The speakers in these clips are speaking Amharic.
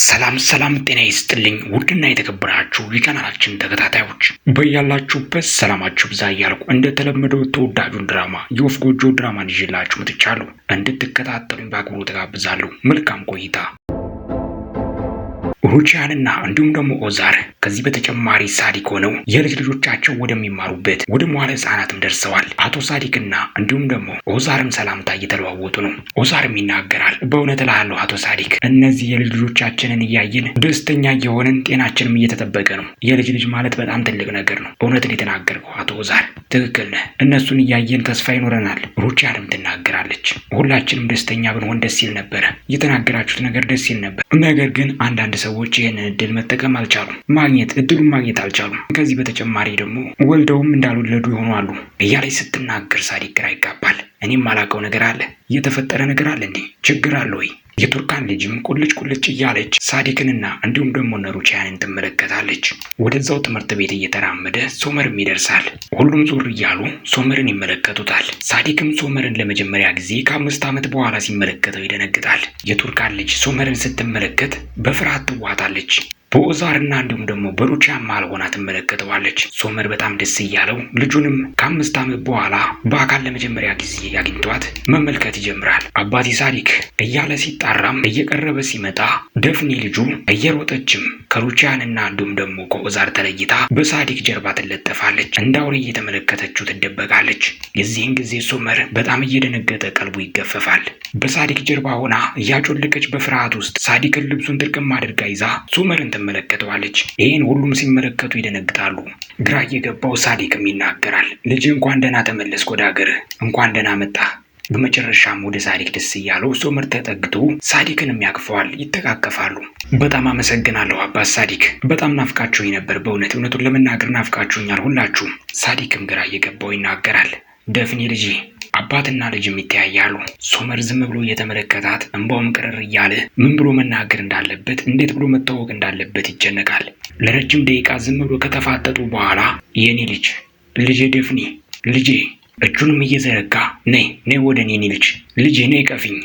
ሰላም ሰላም፣ ጤና ይስጥልኝ ውድና የተከበራችሁ የቻናላችን ተከታታዮች በያላችሁበት ሰላማችሁ ብዛ እያልኩ እንደተለመደው ተወዳጁን ድራማ የወፍ ጎጆ ድራማን ይዤላችሁ መጥቻለሁ። እንድትከታተሉኝ በአክብሮት ተጋብዛለሁ። መልካም ቆይታ ሩቺያንና እንዲሁም ደግሞ ኦዛር ከዚህ በተጨማሪ ሳዲክ ሆነው የልጅ ልጆቻቸው ወደሚማሩበት ወደ መዋለ ህጻናትም ደርሰዋል። አቶ ሳዲቅና እንዲሁም ደግሞ ኦዛርም ሰላምታ እየተለዋወጡ ነው። ኦዛርም ይናገራል። በእውነት እልሃለሁ አቶ ሳዲቅ እነዚህ የልጅ ልጆቻችንን እያየን ደስተኛ እየሆንን ጤናችንም እየተጠበቀ ነው። የልጅ ልጅ ማለት በጣም ትልቅ ነገር ነው። እውነትን የተናገርከው አቶ ኦዛር ትክክል ነህ። እነሱን እያየን ተስፋ ይኖረናል። ሩቺያንም ትናገራለች። ሁላችንም ደስተኛ ብንሆን ደስ ይል ነበረ። የተናገራችሁት ነገር ደስ ይል ነበር። ነገር ግን አንዳንድ ሰው ሰዎች ይህን እድል መጠቀም አልቻሉም፣ ማግኘት እድሉን ማግኘት አልቻሉም። ከዚህ በተጨማሪ ደግሞ ወልደውም እንዳልወለዱ የሆኑ አሉ እያለች ስትናገር ሳዲግ ግራ ይጋባል። እኔም አላውቀው ነገር አለ፣ እየተፈጠረ ነገር አለ እንዴ? ችግር አለ ወይ? የቱርካን ልጅም ቁልጭ ቁልጭ እያለች ሳዲክንና እንዲሁም ደግሞ ነሩቻያንን ትመለከታለች። ወደዛው ትምህርት ቤት እየተራመደ ሶመርም ይደርሳል። ሁሉም ዞር እያሉ ሶመርን ይመለከቱታል። ሳዲክም ሶመርን ለመጀመሪያ ጊዜ ከአምስት ዓመት በኋላ ሲመለከተው ይደነግጣል። የቱርካን ልጅ ሶመርን ስትመለከት በፍርሃት ትዋጣለች። በኦዛርና እንዲሁም ደግሞ በሉቻ ማልሆና ትመለከተዋለች። ሶመር በጣም ደስ እያለው ልጁንም ከአምስት ዓመት በኋላ በአካል ለመጀመሪያ ጊዜ ያግኝቷት መመልከት ይጀምራል። አባቴ ሳዲክ እያለ ሲጣራም እየቀረበ ሲመጣ ደፍኔ ልጁ እየሮጠችም ከሉቻንና እንዲሁም ደግሞ ከኦዛር ተለይታ በሳዲክ ጀርባ ትለጠፋለች። እንደ አውሬ እየተመለከተችው ትደበቃለች። የዚህን ጊዜ ሶመር በጣም እየደነገጠ ቀልቡ ይገፈፋል። በሳዲክ ጀርባ ሆና እያጮለቀች በፍርሃት ውስጥ ሳዲክን ልብሱን ጥርቅም አድርጋ ይዛ ሶመርን ትመለከተዋለች። ይህን ሁሉም ሲመለከቱ ይደነግጣሉ። ግራ እየገባው ሳዲቅም ይናገራል። ልጅ እንኳን ደህና ተመለስክ ወደ አገር እንኳን ደህና መጣ። በመጨረሻም ወደ ሳዲቅ ደስ እያለው ሶመር ተጠግቶ ሳዲቅንም ያቅፈዋል፣ ይተቃቀፋሉ። በጣም አመሰግናለሁ አባት ሳዲቅ፣ በጣም ናፍቃችሁኝ ነበር። በእውነት እውነቱን ለመናገር ናፍቃችሁኛል ሁላችሁም። ሳዲቅም ግራ እየገባው ይናገራል። ደፍኒ ልጅ አባትና ልጅም ይተያያሉ። ሶመር ዝም ብሎ እየተመለከታት እንባውም ቅርር እያለ ምን ብሎ መናገር እንዳለበት እንዴት ብሎ መታወቅ እንዳለበት ይጨነቃል። ለረጅም ደቂቃ ዝም ብሎ ከተፋጠጡ በኋላ የኔ ልጅ ልጄ ደፍኒ ልጄ እጁንም እየዘረጋ ነይ ነይ ወደ እኔ ልጅ ልጄ ነይ ቀፊኝ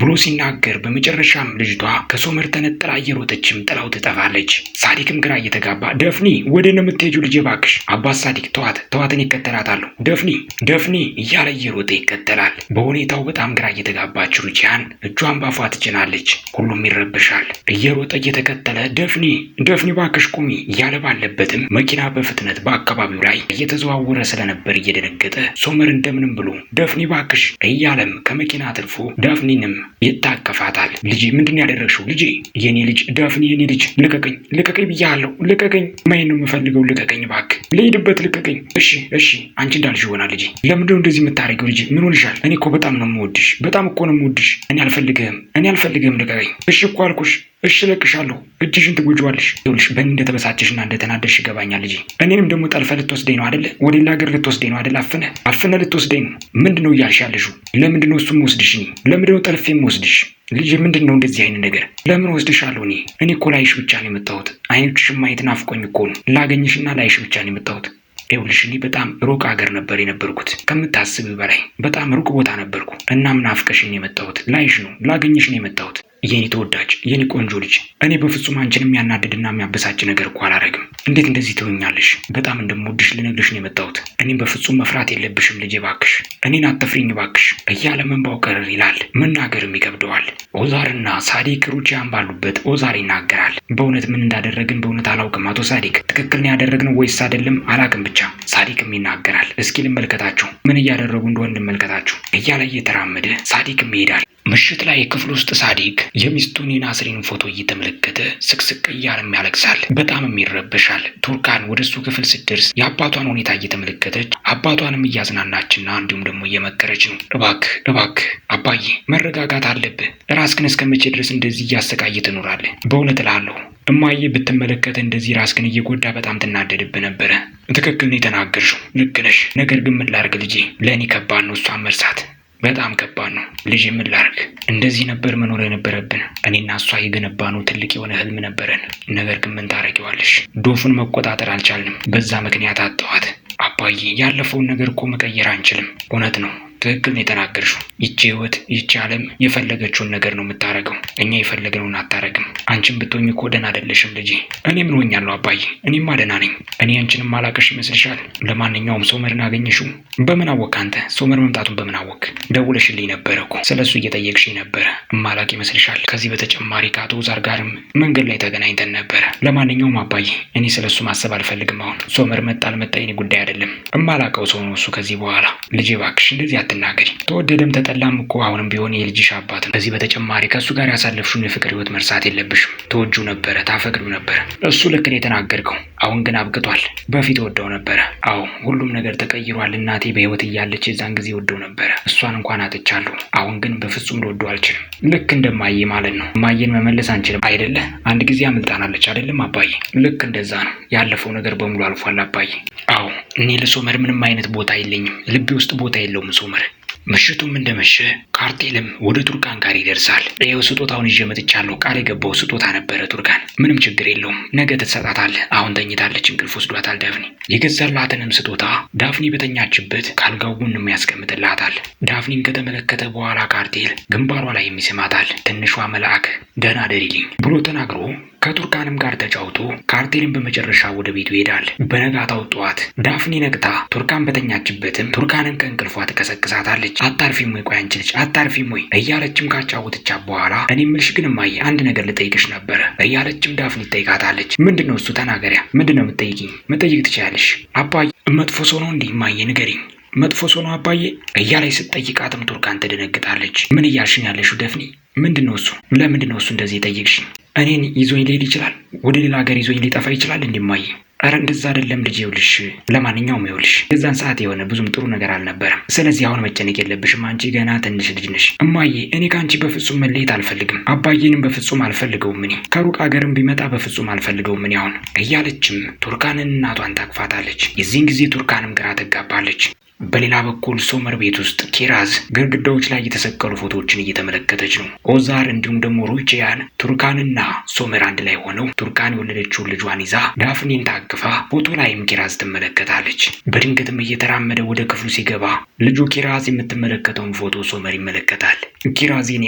ብሎ ሲናገር በመጨረሻም ልጅቷ ከሶመር ተነጥላ እየሮጠችም ጥላው ትጠፋለች። ሳዲክም ግራ እየተጋባ ደፍኒ ወደ ነው የምትሄጂው ልጄ እባክሽ አባት ሳዲክ ተዋት ተዋትን ይከተላታሉ ደፍኒ ደፍኒ እያለ እየሮጠ ይከተላል። በሁኔታው በጣም ግራ እየተጋባች ጂያን እጇን ባፏ ትጭናለች። ሁሉም ይረብሻል። እየሮጠ እየተከተለ ደፍኒ ደፍኒ እባክሽ ቁሚ እያለ ባለበትም መኪና በፍጥነት በአካባቢው ላይ እየተዘዋወረ ስለነበር እየደነገጠ ሶመር እንደምንም ብሎ ደፍኒ እባክሽ እያለም ከመኪና አትርፎ ደፍኒንም ይታቀፋታል። ልጄ ምንድን ያደረግሽው? ልጄ የኔ ልጅ ዳፍኔ፣ የኔ ልጅ ልቀቀኝ፣ ልቀቀኝ ብያለሁ፣ ልቀቀኝ። ማየት ነው የምፈልገው፣ ልቀቀኝ ባክ ልሂድበት፣ ልቀቀኝ። እሺ እሺ፣ አንቺ እንዳልሽ ይሆናል ልጄ። ለምንድነው እንደዚህ የምታደርጊው ልጄ? ምን ሆንሻል? እኔ እኮ በጣም ነው የምወድሽ፣ በጣም እኮ ነው የምወድሽ። እኔ አልፈልግህም፣ እኔ አልፈልግህም፣ ልቀቀኝ። እሺ እኮ አልኩሽ፣ እሺ እለቅሻለሁ። እጅሽን ትጎጂዋለሽ። ይኸውልሽ በእኔ እንደተበሳጨሽና እንደተናደሽ ይገባኛል ልጄ። እኔንም ደግሞ ጠልፈ ልትወስደኝ ነው አደለ? ወደ ሌላ ሀገር ልትወስደኝ ነው አደለ? አፍነ አፍነ ልትወስደኝ ነው። ምንድነው እያልሽ ያለሽው? ለምንድነው እሱም ወስድሽ? ለምንድነው ጠልፌ ወስድሽ? ልጅ ምንድን ነው እንደዚህ አይነት ነገር? ለምን ወስድሻለሁ? እኔ እኔ እኮ ላይሽ ብቻ ነው የመጣሁት። አይኖችሽን ማየት ናፍቆኝ እኮ ነው። ላገኝሽና ላይሽ ብቻ ነው የመጣሁት። ይኸውልሽ እኔ በጣም ሩቅ ሀገር ነበር የነበርኩት፣ ከምታስብ በላይ በጣም ሩቅ ቦታ ነበርኩ። እናም ናፍቀሽ የመጣሁት። ላይሽ ነው፣ ላገኝሽ ነው የመጣሁት። የኔ ተወዳጅ፣ የኔ ቆንጆ ልጅ፣ እኔ በፍጹም አንቺን የሚያናድድና የሚያበሳጭ ነገር እኮ አላረግም። እንዴት እንደዚህ ትሆኛለሽ? በጣም እንደምወድሽ ልነግርሽ ነው የመጣሁት። እኔም በፍጹም መፍራት የለብሽም ልጄ፣ ባክሽ እኔን አትፍሪኝ ባክሽ እያለ መንባው ቀረር ይላል። መናገርም ይከብደዋል። ኦዛርና ሳዲክ ሩቺያን ባሉበት ኦዛር ይናገራል። በእውነት ምን እንዳደረግን በእውነት አላውቅም አቶ ሳዲቅ፣ ትክክል ነው ያደረግነው ወይስ አይደለም አላውቅም። ብቻ ሳዲክም ይናገራል። እስኪ ልመልከታችሁ፣ ምን እያደረጉ እንደሆን ልመልከታችሁ እያለ እየተራመደ ሳዲክም ይሄዳል። ምሽት ላይ ክፍል ውስጥ ሳዲቅ የሚስቱን የናስሪን ፎቶ እየተመለከተ ስቅስቅ እያለም ያለቅሳል። በጣምም ይረበሻል። ቱርካን ወደ እሱ ክፍል ስትደርስ የአባቷን ሁኔታ እየተመለከተች አባቷንም እያዝናናችና እንዲሁም ደግሞ እየመከረች ነው። እባክህ እባክህ አባዬ መረጋጋት አለብህ። ራስህን እስከመቼ ድረስ እንደዚህ እያሰቃየ ትኖራለህ? በእውነት እላለሁ እማዬ ብትመለከተ እንደዚህ ራስህን እየጎዳ በጣም ትናደድብ ነበረ። ትክክል ነው የተናገርሽው፣ ልክ ነሽ። ነገር ግን ምን ላድርግ ልጄ፣ ለእኔ ከባድ ነው እሷን መርሳት በጣም ከባድ ነው። ልጅ ምን ላርግ? እንደዚህ ነበር መኖር የነበረብን። እኔና እሷ የገነባነው ትልቅ የሆነ ህልም ነበረን። ነገር ግን ምን ታረጊዋለሽ? ዶፉን መቆጣጠር አልቻልንም። በዛ ምክንያት አጠዋት። አባዬ ያለፈውን ነገር እኮ መቀየር አንችልም። እውነት ነው፣ ትክክል ነው የተናገርሽው። ይቺ ህይወት፣ ይቺ አለም የፈለገችውን ነገር ነው የምታረገው። እኛ የፈለግነውን አታረግም። አንቺን ብትሆኝ እኮ ደህና አይደለሽም ልጄ። እኔ ምን ሆኛለሁ አባዬ? እኔማ ደህና ነኝ። እኔ አንቺንም ማላቀሽ ይመስልሻል? ለማንኛውም ሶመርን አገኘሽው? በምን አወቅ አንተ? ሶመር መምጣቱን በምን አወቅ? ደውለሽልኝ ነበረ እኮ ስለ እሱ እየጠየቅሽኝ ነበረ። እማላቅ ይመስልሻል? ከዚህ በተጨማሪ ከአቶ ዛር ጋርም መንገድ ላይ ተገናኝተን ነበረ። ለማንኛውም አባዬ እኔ ስለ እሱ ማሰብ አልፈልግም። አሁን ሶመር መጣ አልመጣ የኔ ጉዳይ አይደለም። እማላቀው ሰው ነው እሱ ከዚህ በኋላ። ልጄ እባክሽ እንደዚህ አትናገሪ። ተወደደም ተጠላም እኮ አሁንም ቢሆን የልጅሽ አባት ነው። ከዚህ በተጨማሪ ከእሱ ጋር ያሳለፍሽውን የፍቅር ህይወት መርሳት የለብ አልነበረብሽም። ተወጁ ነበረ፣ ታፈቅዱ ነበረ። እሱ ልክ ነው የተናገርከው። አሁን ግን አብቅቷል። በፊት ወደው ነበረ። አዎ ሁሉም ነገር ተቀይሯል። እናቴ በህይወት እያለች የዛን ጊዜ ወደው ነበረ። እሷን እንኳን አጥቻለሁ። አሁን ግን በፍጹም ልወደው አልችልም። ልክ እንደማዬ ማለት ነው። ማየን መመለስ አንችልም አይደለ? አንድ ጊዜ አምልጣናለች አይደለም አባዬ? ልክ እንደዛ ነው። ያለፈው ነገር በሙሉ አልፏል አባዬ። አዎ እኔ ለሶመር ምንም አይነት ቦታ የለኝም። ልቤ ውስጥ ቦታ የለውም ሶመር ምሽቱም እንደመሸ ካርቴልም ወደ ቱርካን ጋር ይደርሳል። ይኸው ስጦታውን ይዤ መጥቻለሁ፣ ቃል የገባው ስጦታ ነበረ። ቱርካን ምንም ችግር የለውም ነገ ትሰጣታለህ። አሁን ተኝታለች፣ እንቅልፍ ወስዷታል። ዳፍኒ የገዛላትንም ስጦታ ዳፍኒ በተኛችበት ካልጋው ጎን የሚያስቀምጥላታል። ዳፍኒን ከተመለከተ በኋላ ካርቴል ግንባሯ ላይ የሚስማታል። ትንሿ መልአክ ደህና ደሪልኝ ብሎ ተናግሮ ከቱርካንም ጋር ተጫውቶ ካርቴልን በመጨረሻ ወደ ቤቱ ይሄዳል። በነጋታው ጠዋት ዳፍኒ ነቅታ ቱርካን በተኛችበትም ቱርካንን ከእንቅልፏ ትቀሰቅሳታለች። ልጅ አታርፊም ወይ? ቆይ አንቺ ልጅ አታርፊም ወይ እያለችም ካጫወተቻት በኋላ እኔ ምልሽ ግን ማየ አንድ ነገር ልጠይቅሽ ነበረ እያለችም ዳፍን ትጠይቃታለች። ምንድን ነው እሱ ተናገሪያ። ምንድን ነው የምትጠይቂኝ? መጠየቅ ትችላለሽ። አባዬ መጥፎ ሰው ነው እንዲህ ማየ ንገሪኝ መጥፎ ሰው ነው አባዬ እያለች ስትጠይቃትም ቱርካን ትደነግጣለች። ምን እያልሽኝ ያለሽው ደፍኒ? ምንድን ነው እሱ? ለምንድን ነው እሱ እንደዚህ የጠየቅሽኝ? እኔን ይዞኝ ሊሄድ ይችላል፣ ወደ ሌላ ሀገር ይዞኝ ሊጠፋ ይችላል እንዲማየ አረ እንደዛ አይደለም ልጅ ይውልሽ ለማንኛውም ይውልሽ የዛን ሰዓት የሆነ ብዙም ጥሩ ነገር አልነበረም። ስለዚህ አሁን መጨነቅ የለብሽም። አንቺ ገና ትንሽ ልጅ ነሽ። እማዬ፣ እኔ ከአንቺ በፍጹም መለየት አልፈልግም። አባዬንም በፍጹም አልፈልገውም። እኔ ከሩቅ አገርም ቢመጣ በፍጹም አልፈልገውም። እኔ አሁን እያለችም ቱርካንን እናቷን ታቅፋታለች። የዚህን ጊዜ ቱርካንም ግራ ትጋባለች። በሌላ በኩል ሶመር ቤት ውስጥ ኪራዝ ግድግዳዎች ላይ የተሰቀሉ ፎቶዎችን እየተመለከተች ነው። ኦዛር እንዲሁም ደግሞ ሩጅያን ቱርካንና ሶመር አንድ ላይ ሆነው ቱርካን የወለደችውን ልጇን ይዛ ዳፍኔን ታቅፋ ፎቶ ላይም ኪራዝ ትመለከታለች። በድንገትም እየተራመደ ወደ ክፍሉ ሲገባ ልጁ ኪራዝ የምትመለከተውን ፎቶ ሶመር ይመለከታል። ኪራዝ የኔ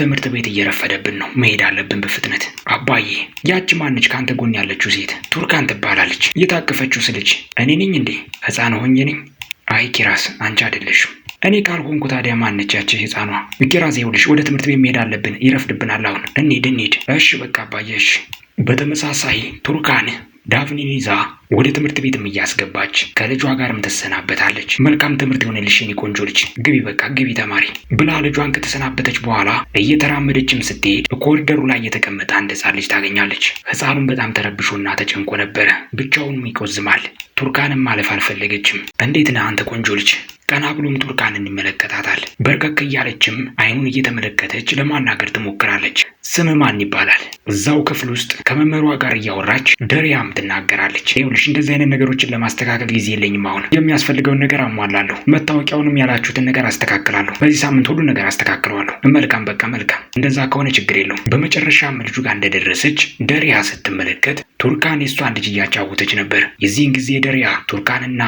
ትምህርት ቤት እየረፈደብን ነው፣ መሄድ አለብን በፍጥነት። አባዬ፣ ያቺ ማነች ከአንተ ጎን ያለችው ሴት? ቱርካን ትባላለች። የታቀፈችው ስልጅ እኔ ነኝ እንዴ? ህፃን ሆኜ ነኝ አይ ኪራስ አንቺ አይደለሽም። እኔ ካልሆንኩ ታዲያ ማነች ያቺ ህፃኗ? ኪራስ ይኸውልሽ ወደ ትምህርት ቤት መሄድ አለብን፣ ይረፍድብናል። አሁን እንሂድ እንሂድ። እሺ በቃ አባየሽ። በተመሳሳይ ቱርካን ዳፍኒን ይዛ ወደ ትምህርት ቤትም እያስገባች ከልጇ ጋርም ትሰናበታለች። መልካም ትምህርት የሆነልሽ የኔ ቆንጆ ልጅ፣ ግቢ በቃ ግቢ ተማሪ ብላ ልጇን ከተሰናበተች በኋላ እየተራመደችም ስትሄድ ኮሪደሩ ላይ የተቀመጠ አንድ ህፃን ልጅ ታገኛለች። ህፃኑም በጣም ተረብሾና ተጨንቆ ነበረ። ብቻውንም ይቆዝማል። ቱርካንም ማለፍ አልፈለገችም። እንዴት ነህ አንተ ቆንጆ ልጅ? ቀና ብሎም ቱርካንን ይመለከታታል። በርከክ እያለችም አይኑን እየተመለከተች ለማናገር ትሞክራለች። ስም ማን ይባላል? እዛው ክፍል ውስጥ ከመምህሯ ጋር እያወራች ደሪያም ትናገራለች። ይኸውልሽ እንደዚህ አይነት ነገሮችን ለማስተካከል ጊዜ የለኝም። አሁን የሚያስፈልገውን ነገር አሟላለሁ። መታወቂያውንም ያላችሁትን ነገር አስተካክላለሁ። በዚህ ሳምንት ሁሉ ነገር አስተካክለዋለሁ። መልካም፣ በቃ መልካም። እንደዛ ከሆነ ችግር የለውም። በመጨረሻም ልጁ ጋር እንደደረሰች ደሪያ ስትመለከት ቱርካን የእሷን ልጅ እያጫወተች ነበር። የዚህን ጊዜ ደሪያ ቱርካንና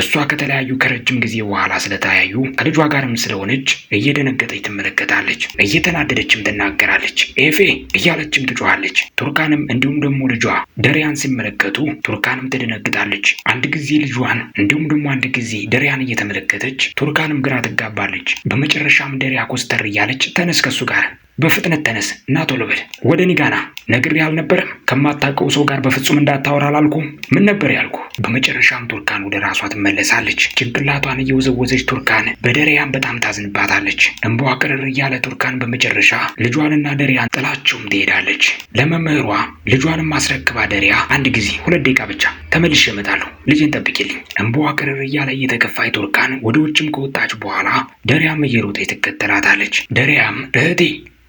እሷ ከተለያዩ ከረጅም ጊዜ በኋላ ስለተለያዩ ከልጇ ጋርም ስለሆነች እየደነገጠች ትመለከታለች። እየተናደደችም ትናገራለች፣ ኤፌ እያለችም ትጮኻለች። ቱርካንም እንዲሁም ደግሞ ልጇ ደሪያን ሲመለከቱ ቱርካንም ትደነግጣለች። አንድ ጊዜ ልጇን እንዲሁም ደግሞ አንድ ጊዜ ደሪያን እየተመለከተች ቱርካንም ግራ ትጋባለች። በመጨረሻም ደሪያ ኮስተር እያለች ተነስ ከሱ ጋር በፍጥነት ተነስ እና ቶሎ በል ወደ ኒጋና ነግር ነግሬህ አልነበረም? ከማታውቀው ሰው ጋር በፍጹም እንዳታወራ አላልኩም? ምን ነበር ያልኩ? በመጨረሻም ቱርካን ወደ ራሷ ትመለሳለች። ጭንቅላቷን እየወዘወዘች ቱርካን በደሪያን በጣም ታዝንባታለች። እንባዋ ቅርር እያለ ቱርካን በመጨረሻ ልጇንና ደሪያን ጥላቸውም ትሄዳለች። ለመምህሯ ልጇንም አስረክባ ደሪያ አንድ ጊዜ ሁለት ደቂቃ ብቻ ተመልሼ እመጣለሁ፣ ልጅን ጠብቂልኝ። እንባዋ ቅርር እያለ እየተከፋይ ቱርካን ወደ ውጭም ከወጣች በኋላ ደሪያም እየሮጠች ትከተላታለች። ደሪያም እህቴ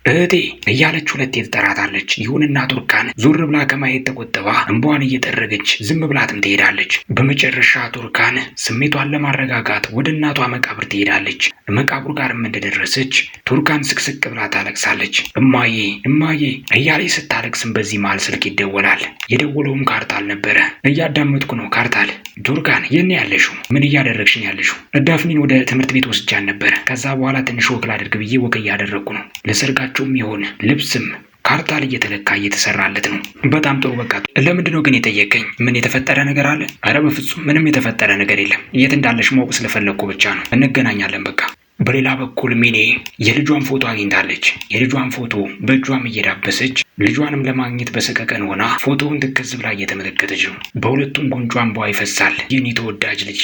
እህቴ እያለች ሁለቴ ትጠራታለች። ይሁንና ቱርካን ዙር ብላ ከማየት ተቆጥባ እንባዋን እየጠረገች ዝም ብላትም ትሄዳለች። በመጨረሻ ቱርካን ስሜቷን ለማረጋጋት ወደ እናቷ መቃብር ትሄዳለች። መቃብሩ ጋርም እንደደረሰች ቱርካን ስቅስቅ ብላ ታለቅሳለች። እማዬ እማዬ እያለች ስታለቅስም በዚህ መሃል ስልክ ይደወላል። የደወለውም ካርታል ነበረ። እያዳመጥኩ ነው ካርታል ዱርካን የኔ ያለሽው ምን እያደረግሽኝ ያለሽው? ዳፍኒን ወደ ትምህርት ቤት ወስጃን ነበር። ከዛ በኋላ ትንሽ ወክል አድርግ ብዬ ወክ እያደረግኩ ነው። ለሰርጋቸውም የሆነ ልብስም ካርታል እየተለካ እየተሰራለት ነው። በጣም ጥሩ። በቃ ለምንድን ነው ግን የጠየቀኝ? ምን የተፈጠረ ነገር አለ? አረ በፍጹም ምንም የተፈጠረ ነገር የለም። የት እንዳለሽ ማወቅ ስለፈለግኩ ብቻ ነው። እንገናኛለን በቃ በሌላ በኩል ሚኔ የልጇን ፎቶ አግኝታለች። የልጇን ፎቶ በእጇም እየዳበሰች ልጇንም ለማግኘት በሰቀቀን ሆና ፎቶውን ትከዝ ብላ እየተመለከተች ነው። በሁለቱም ጉንጯን ቧ ይፈሳል። ይህን የተወዳጅ ልጅ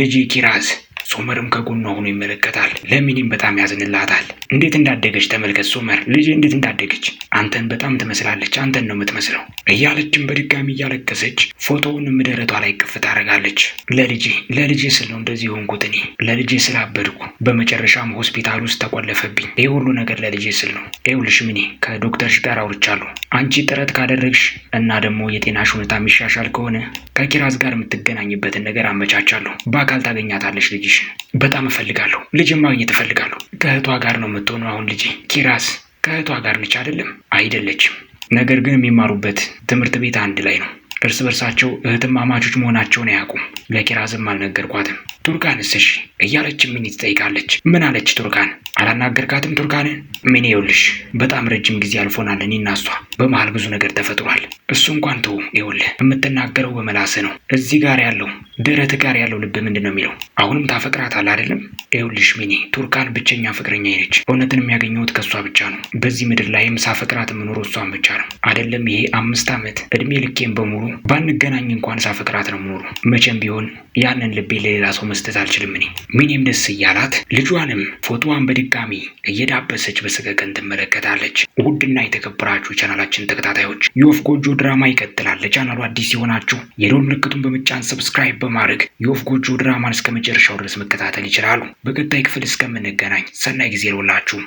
ልጅ ኪራዝ ሶመርም ከጎኗ ሆኖ ይመለከታል። ለሚኒም በጣም ያዝንላታል። እንዴት እንዳደገች ተመልከት ሶመር፣ ልጅ እንዴት እንዳደገች አንተን በጣም ትመስላለች፣ አንተን ነው የምትመስለው እያለችም በድጋሚ እያለቀሰች ፎቶውን ምደረቷ ላይ ቅፍ ታደርጋለች። ለልጄ ለልጄ ስል ነው እንደዚህ ሆንኩት፣ እኔ ለልጄ ስላበድኩ፣ በመጨረሻም ሆስፒታል ውስጥ ተቆለፈብኝ። ይህ ሁሉ ነገር ለልጄ ስል ነው። ይኸውልሽ ሚኒ፣ ከዶክተርሽ ጋር አውርቻለሁ። አንቺ ጥረት ካደረግሽ እና ደግሞ የጤናሽ ሁኔታ የሚሻሻል ከሆነ ከኪራዝ ጋር የምትገናኝበትን ነገር አመቻቻለሁ። በአካል ታገኛታለሽ ልጅሽ ልጅሽ በጣም እፈልጋለሁ። ልጅ ማግኘት እፈልጋለሁ። ከእህቷ ጋር ነው የምትሆነው አሁን ልጄ። ኪራስ ከእህቷ ጋር ነች አይደለም? አይደለችም። ነገር ግን የሚማሩበት ትምህርት ቤት አንድ ላይ ነው። እርስ በርሳቸው እህትማማቾች መሆናቸውን አያውቁም። ለኪራዝም አልነገርኳትም። ቱርካንስ እስሽ እያለች ሚኒ ትጠይቃለች። ምን አለች ቱርካን? አላናገርካትም? ቱርካን ሚኒ ይኸውልሽ፣ በጣም ረጅም ጊዜ አልፎናል። እኔ እና እሷ በመሀል ብዙ ነገር ተፈጥሯል። እሱ እንኳን ተው፣ ይኸውልህ የምትናገረው በመላስ ነው። እዚህ ጋር ያለው ድረት ጋር ያለው ልብ ምንድን ነው የሚለው? አሁንም ታፈቅራታል አይደለም? ይኸውልሽ ሚኒ፣ ቱርካን ብቸኛ ፍቅረኛ ይነች። እውነትን የሚያገኘሁት ከእሷ ብቻ ነው። በዚህ ምድር ላይም ሳፈቅራት የምኖረው እሷን ብቻ ነው። አይደለም ይሄ አምስት ዓመት እድሜ ልኬን በሙሉ ባንገናኝ እንኳን ሳፈቅራት ነው የምኖረው። መቼም ቢሆን ያንን ልቤ ለሌላ ሰው መስጠት አልችልም እኔ። ሚኔም ደስ እያላት ልጇንም ፎቶዋን በድጋሚ እየዳበሰች በሰቀቀን ትመለከታለች። ውድና የተከበራችሁ ቻናላችን ተከታታዮች የወፍ ጎጆ ድራማ ይቀጥላል። ለቻናሉ አዲስ የሆናችሁ የዶል ምልክቱን በመጫን ሰብስክራይብ በማድረግ የወፍ ጎጆ ድራማን እስከ መጨረሻው ድረስ መከታተል ይችላሉ። በቀጣይ ክፍል እስከምንገናኝ ሰናይ ጊዜ ይሁንላችሁ።